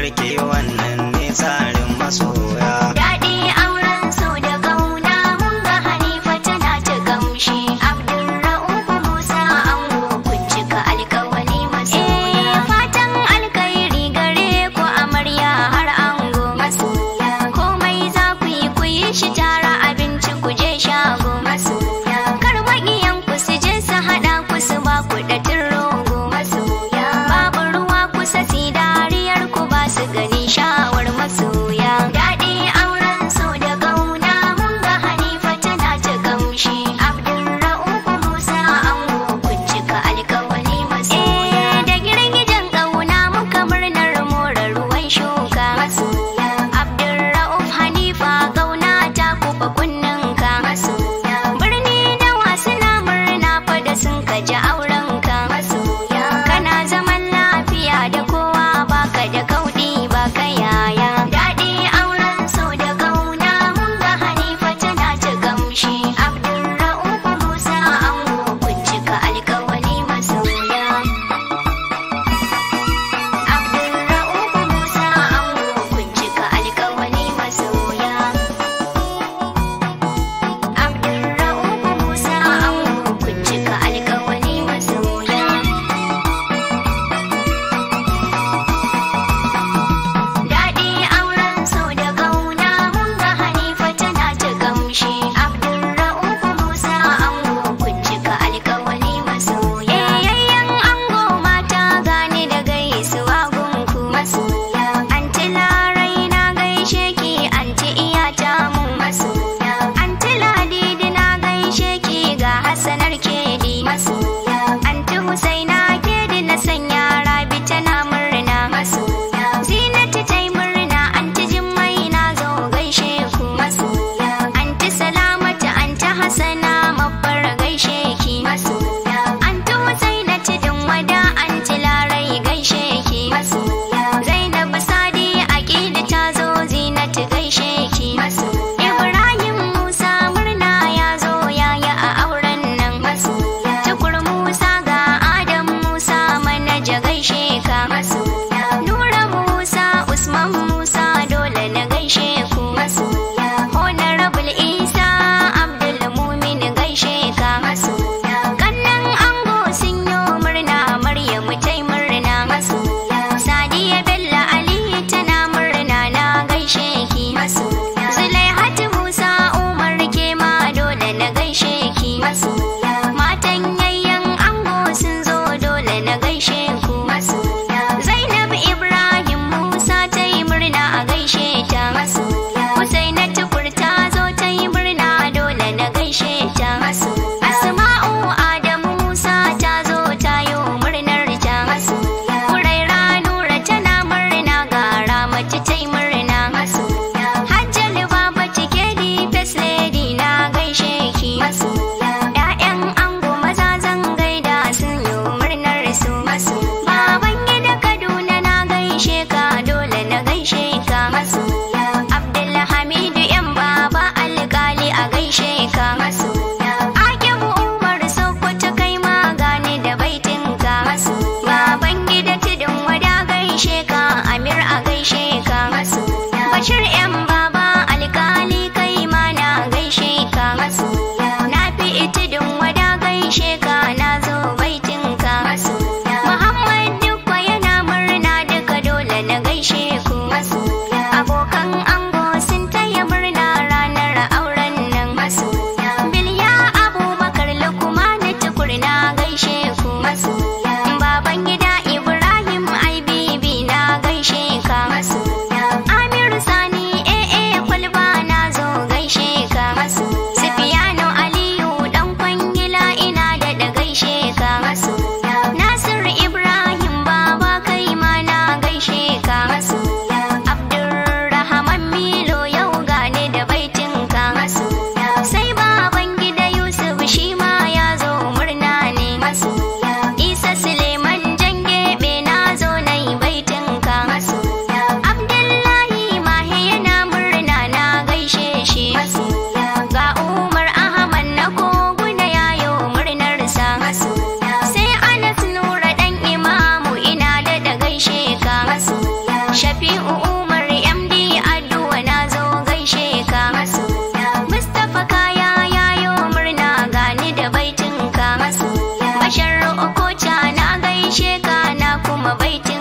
American. watch your வைச்சின்